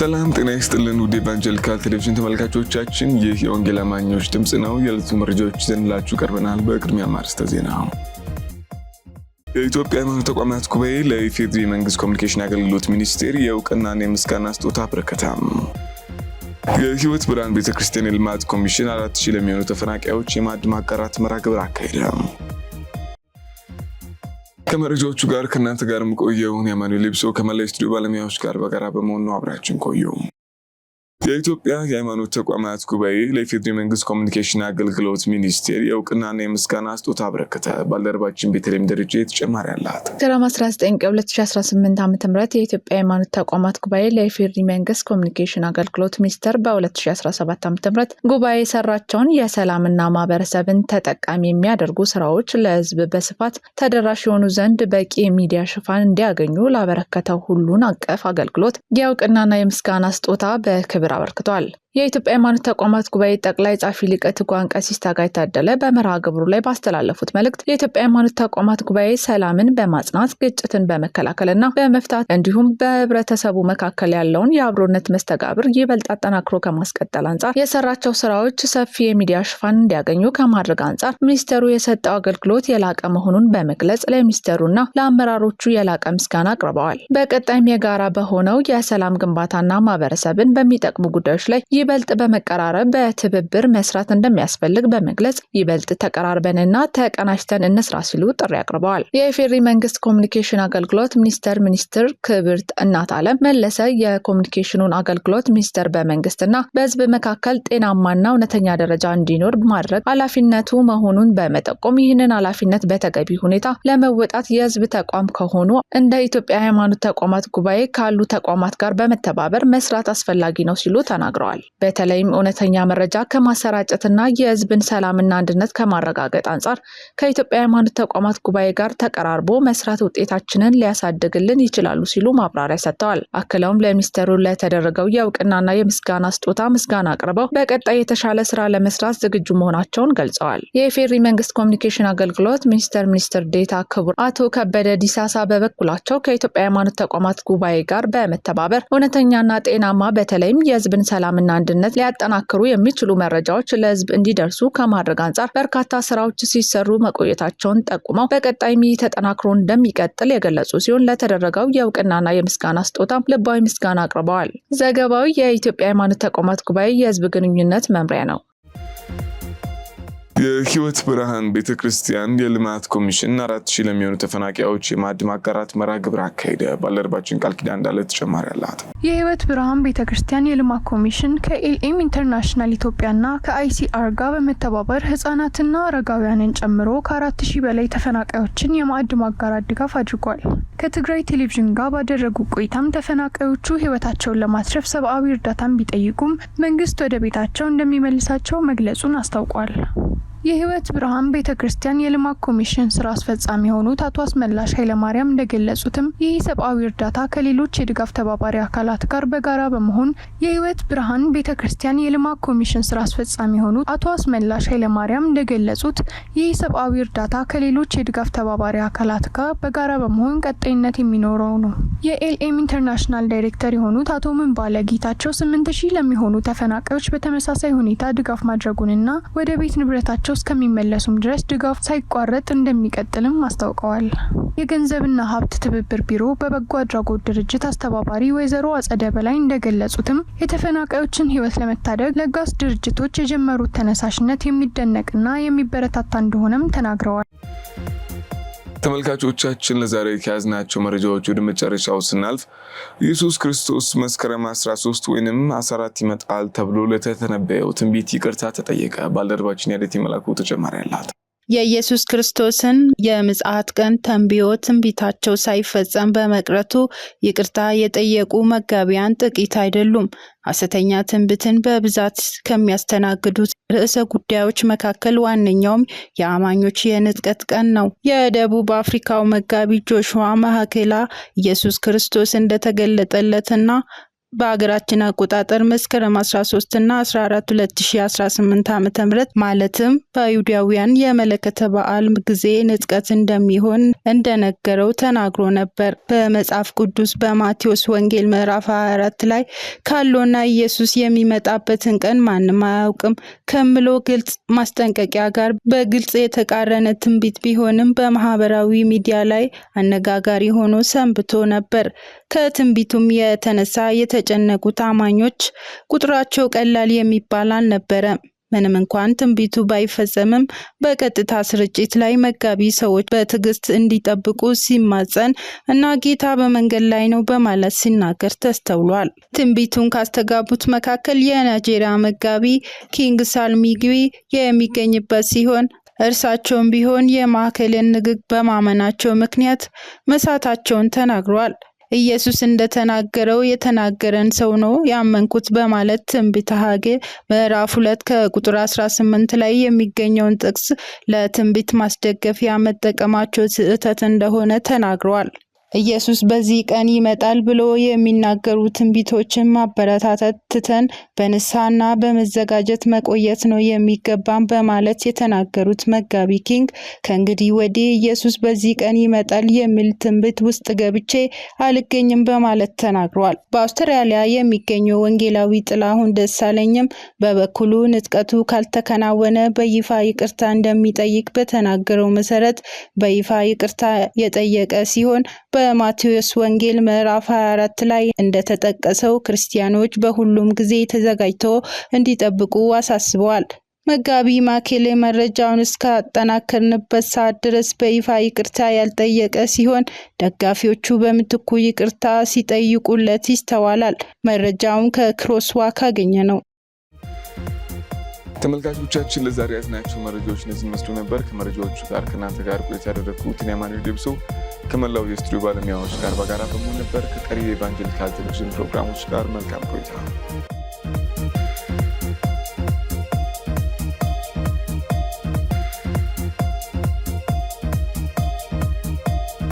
ሰላም ጤና ይስጥልን ውድ ኢቫንጀሊካል ቴሌቪዥን ተመልካቾቻችን፣ ይህ የወንጌል አማኞች ድምፅ ነው። የዕለቱ መረጃዎች ዘንላችሁ ቀርበናል። በቅድሚያ ማርስተ ዜና የኢትዮጵያ ሃይማኖት ተቋማት ጉባኤ ለኢፌድሪ መንግስት ኮሚኒኬሽን አገልግሎት ሚኒስቴር የእውቅናና የምስጋና ስጦታ አበረከታም። የህይወት ብርሃን ቤተክርስቲያን የልማት ኮሚሽን አራት ሺህ ለሚሆኑ ተፈናቃዮች የማዕድ ማጋራት መርሃ ግብር አካሄደ። ከመረጃዎቹ ጋር ከእናንተ ጋር የምቆየውን የማኑ ሊብሶ ከመላይ ስቱዲዮ ባለሙያዎች ጋር በጋራ በመሆን ነው። አብራችን ቆየው። የኢትዮጵያ የሃይማኖት ተቋማት ጉባኤ ለኢፌዴሪ መንግስት ኮሚኒኬሽን አገልግሎት ሚኒስቴር የእውቅናና የምስጋና ስጦታ አበረከተ። ባልደረባችን ቤተልሔም ደረጃ የተጨማሪ አላት። መስከረም 19 2018 ዓ ም የኢትዮጵያ የሃይማኖት ተቋማት ጉባኤ ለኢፌዴሪ መንግስት ኮሚኒኬሽን አገልግሎት ሚኒስቴር በ2017 ዓ ም ጉባኤ የሰራቸውን የሰላምና ማህበረሰብን ተጠቃሚ የሚያደርጉ ስራዎች ለህዝብ በስፋት ተደራሽ የሆኑ ዘንድ በቂ የሚዲያ ሽፋን እንዲያገኙ ላበረከተው ሁሉን አቀፍ አገልግሎት የእውቅናና የምስጋና ስጦታ በክብር አበርክቷል። የኢትዮጵያ ሃይማኖት ተቋማት ጉባኤ ጠቅላይ ጻፊ ሊቀ ትጉሃን ቀሲስ ታጋይ ታደለ በመርሃ ግብሩ ላይ ባስተላለፉት መልእክት የኢትዮጵያ ሃይማኖት ተቋማት ጉባኤ ሰላምን በማጽናት ግጭትን በመከላከልና በመፍታት እንዲሁም በህብረተሰቡ መካከል ያለውን የአብሮነት መስተጋብር ይበልጥ አጠናክሮ ከማስቀጠል አንጻር የሰራቸው ስራዎች ሰፊ የሚዲያ ሽፋን እንዲያገኙ ከማድረግ አንጻር ሚኒስቴሩ የሰጠው አገልግሎት የላቀ መሆኑን በመግለጽ ለሚኒስቴሩና ለአመራሮቹ የላቀ ምስጋና አቅርበዋል። በቀጣይም የጋራ በሆነው የሰላም ግንባታና ማህበረሰብን በሚጠቅሙ ጉዳዮች ላይ ይበልጥ በመቀራረብ በትብብር መስራት እንደሚያስፈልግ በመግለጽ ይበልጥ ተቀራርበንና ተቀናጅተን እንስራ ሲሉ ጥሪ አቅርበዋል። የኢፌሪ መንግስት ኮሚኒኬሽን አገልግሎት ሚኒስቴር ሚኒስትር ክብርት እናት አለም መለሰ የኮሚኒኬሽኑን አገልግሎት ሚኒስቴር በመንግስትና በህዝብ መካከል ጤናማና እውነተኛ ደረጃ እንዲኖር ማድረግ ኃላፊነቱ መሆኑን በመጠቆም ይህንን ኃላፊነት በተገቢ ሁኔታ ለመወጣት የህዝብ ተቋም ከሆኑ እንደ ኢትዮጵያ ሃይማኖት ተቋማት ጉባኤ ካሉ ተቋማት ጋር በመተባበር መስራት አስፈላጊ ነው ሲሉ ተናግረዋል። በተለይም እውነተኛ መረጃ ከማሰራጨትና የህዝብን ሰላምና አንድነት ከማረጋገጥ አንጻር ከኢትዮጵያ ሃይማኖት ተቋማት ጉባኤ ጋር ተቀራርቦ መስራት ውጤታችንን ሊያሳድግልን ይችላሉ ሲሉ ማብራሪያ ሰጥተዋል። አክለውም ለሚኒስቴሩ ለተደረገው የእውቅናና የምስጋና ስጦታ ምስጋና አቅርበው በቀጣይ የተሻለ ስራ ለመስራት ዝግጁ መሆናቸውን ገልጸዋል። የኢፌሪ መንግስት ኮሚኒኬሽን አገልግሎት ሚኒስቴር ሚኒስትር ዴታ ክቡር አቶ ከበደ ዲሳሳ በበኩላቸው ከኢትዮጵያ ሃይማኖት ተቋማት ጉባኤ ጋር በመተባበር እውነተኛና ጤናማ በተለይም የህዝብን ሰላምና አንድነት ሊያጠናክሩ የሚችሉ መረጃዎች ለህዝብ እንዲደርሱ ከማድረግ አንጻር በርካታ ስራዎች ሲሰሩ መቆየታቸውን ጠቁመው በቀጣይም ተጠናክሮ እንደሚቀጥል የገለጹ ሲሆን ለተደረገው የእውቅናና የምስጋና ስጦታም ልባዊ ምስጋና አቅርበዋል። ዘገባው የኢትዮጵያ ሃይማኖት ተቋማት ጉባኤ የህዝብ ግንኙነት መምሪያ ነው። የህይወት ብርሃን ቤተ ክርስቲያን የልማት ኮሚሽን አራት ሺህ ለሚሆኑ ተፈናቃዮች የማዕድ ማጋራት መርሃ ግብር አካሄደ። ባልደረባችን ቃል ኪዳን እንዳለ ተጨማሪ አላት። የህይወት ብርሃን ቤተ ክርስቲያን የልማት ኮሚሽን ከኤልኤም ኢንተርናሽናል ኢትዮጵያና ከአይሲአር ጋር በመተባበር ህጻናትና አረጋውያንን ጨምሮ ከአራት ሺህ በላይ ተፈናቃዮችን የማዕድ ማጋራት ድጋፍ አድርጓል። ከትግራይ ቴሌቪዥን ጋር ባደረጉ ቆይታም ተፈናቃዮቹ ህይወታቸውን ለማትረፍ ሰብአዊ እርዳታን ቢጠይቁም መንግስት ወደ ቤታቸው እንደሚመልሳቸው መግለጹን አስታውቋል። የህይወት ብርሃን ቤተ ክርስቲያን የልማት ኮሚሽን ስራ አስፈጻሚ የሆኑት አቶ አስመላሽ ኃይለማርያም እንደገለጹትም ይህ ሰብአዊ እርዳታ ከሌሎች የድጋፍ ተባባሪ አካላት ጋር በጋራ በመሆን የህይወት ብርሃን ቤተ ክርስቲያን የልማት ኮሚሽን ስራ አስፈጻሚ የሆኑት አቶ አስመላሽ ኃይለማርያም እንደገለጹት ይህ ሰብአዊ እርዳታ ከሌሎች የድጋፍ ተባባሪ አካላት ጋር በጋራ በመሆን ቀጣይነት የሚኖረው ነው። የኤልኤም ኢንተርናሽናል ዳይሬክተር የሆኑት አቶ ምንባለ ጌታቸው ስምንት ሺህ ለሚሆኑ ተፈናቃዮች በተመሳሳይ ሁኔታ ድጋፍ ማድረጉንና ወደ ቤት ንብረታቸው ተረጋግተው እስከሚመለሱም ድረስ ድጋፍ ሳይቋረጥ እንደሚቀጥልም አስታውቀዋል። የገንዘብና ሀብት ትብብር ቢሮ በበጎ አድራጎት ድርጅት አስተባባሪ ወይዘሮ አጸደ በላይ እንደገለጹትም የተፈናቃዮችን ሕይወት ለመታደግ ለጋስ ድርጅቶች የጀመሩት ተነሳሽነት የሚደነቅና የሚበረታታ እንደሆነም ተናግረዋል። ተመልካቾቻችን ለዛሬ ከያዝናቸው መረጃዎች ወደ መጨረሻው ስናልፍ ኢየሱስ ክርስቶስ መስከረም 13 ወይንም 14 ይመጣል ተብሎ ለተተነበየው ትንቢት ይቅርታ ተጠየቀ። ባልደረባችን ያደት የመላኩ ተጨማሪ አላት። የኢየሱስ ክርስቶስን የምጽአት ቀን ተንብዮ ትንቢታቸው ሳይፈጸም በመቅረቱ ይቅርታ የጠየቁ መጋቢያን ጥቂት አይደሉም። ሐሰተኛ ትንብትን በብዛት ከሚያስተናግዱት ርዕሰ ጉዳዮች መካከል ዋነኛውም የአማኞች የንጥቀት ቀን ነው። የደቡብ አፍሪካው መጋቢ ጆሹዋ ማሃኬላ ኢየሱስ ክርስቶስ እንደተገለጠለትና በሀገራችን አቆጣጠር መስከረም 13 እና 14 2018 ዓ ም ማለትም በአይሁዳውያን የመለከተ በዓል ጊዜ ንጥቀት እንደሚሆን እንደነገረው ተናግሮ ነበር። በመጽሐፍ ቅዱስ በማቴዎስ ወንጌል ምዕራፍ 24 ላይ ካለውና ኢየሱስ የሚመጣበትን ቀን ማንም አያውቅም ከምሎ ግልጽ ማስጠንቀቂያ ጋር በግልጽ የተቃረነ ትንቢት ቢሆንም በማህበራዊ ሚዲያ ላይ አነጋጋሪ ሆኖ ሰንብቶ ነበር። ከትንቢቱም የተነሳ የተ የተጨነቁት አማኞች ቁጥራቸው ቀላል የሚባል አልነበረም። ምንም እንኳን ትንቢቱ ባይፈጸምም በቀጥታ ስርጭት ላይ መጋቢ ሰዎች በትዕግስት እንዲጠብቁ ሲማጸን እና ጌታ በመንገድ ላይ ነው በማለት ሲናገር ተስተውሏል። ትንቢቱን ካስተጋቡት መካከል የናይጄሪያ መጋቢ ኪንግ ሳልሚግቢ የሚገኝበት ሲሆን እርሳቸውም ቢሆን የማዕከልን ንግግ በማመናቸው ምክንያት መሳታቸውን ተናግሯል። ኢየሱስ እንደተናገረው የተናገረን ሰው ነው ያመንኩት በማለት ትንቢተ ሐጌ ምዕራፍ ሁለት ከቁጥር 18 ላይ የሚገኘውን ጥቅስ ለትንቢት ማስደገፊያ መጠቀማቸው ስህተት እንደሆነ ተናግረዋል። ኢየሱስ በዚህ ቀን ይመጣል ብሎ የሚናገሩ ትንቢቶችን ማበረታተት ትተን በንስሐና በመዘጋጀት መቆየት ነው የሚገባን በማለት የተናገሩት መጋቢ ኪንግ ከእንግዲህ ወዲህ ኢየሱስ በዚህ ቀን ይመጣል የሚል ትንቢት ውስጥ ገብቼ አልገኝም በማለት ተናግሯል። በአውስትራሊያ የሚገኘው ወንጌላዊ ጥላሁን ደሳለኝም በበኩሉ ንጥቀቱ ካልተከናወነ በይፋ ይቅርታ እንደሚጠይቅ በተናገረው መሰረት በይፋ ይቅርታ የጠየቀ ሲሆን በ በማቴዎስ ወንጌል ምዕራፍ 24 ላይ እንደተጠቀሰው ክርስቲያኖች በሁሉም ጊዜ ተዘጋጅቶ እንዲጠብቁ አሳስበዋል። መጋቢ ማኬሌ መረጃውን እስካጠናከርንበት ሰዓት ድረስ በይፋ ይቅርታ ያልጠየቀ ሲሆን ደጋፊዎቹ በምትኩ ይቅርታ ሲጠይቁለት ይስተዋላል። መረጃውን ከክሮስዋክ አገኘ ነው። ተመልካቾቻችን ለዛሬ ያዝናቸው መረጃዎች እነዚህን ይመስሉ ነበር። ከመረጃዎቹ ጋር ከእናንተ ጋር ቆይታ ያደረግኩት እኔ ደብሶ ከመላው የስቱዲዮ ባለሙያዎች ጋር በጋራ በመሆን ነበር። ከቀሪ የኤቫንጀሊካል ቴሌቪዥን ፕሮግራሞች ጋር መልካም ቆይታ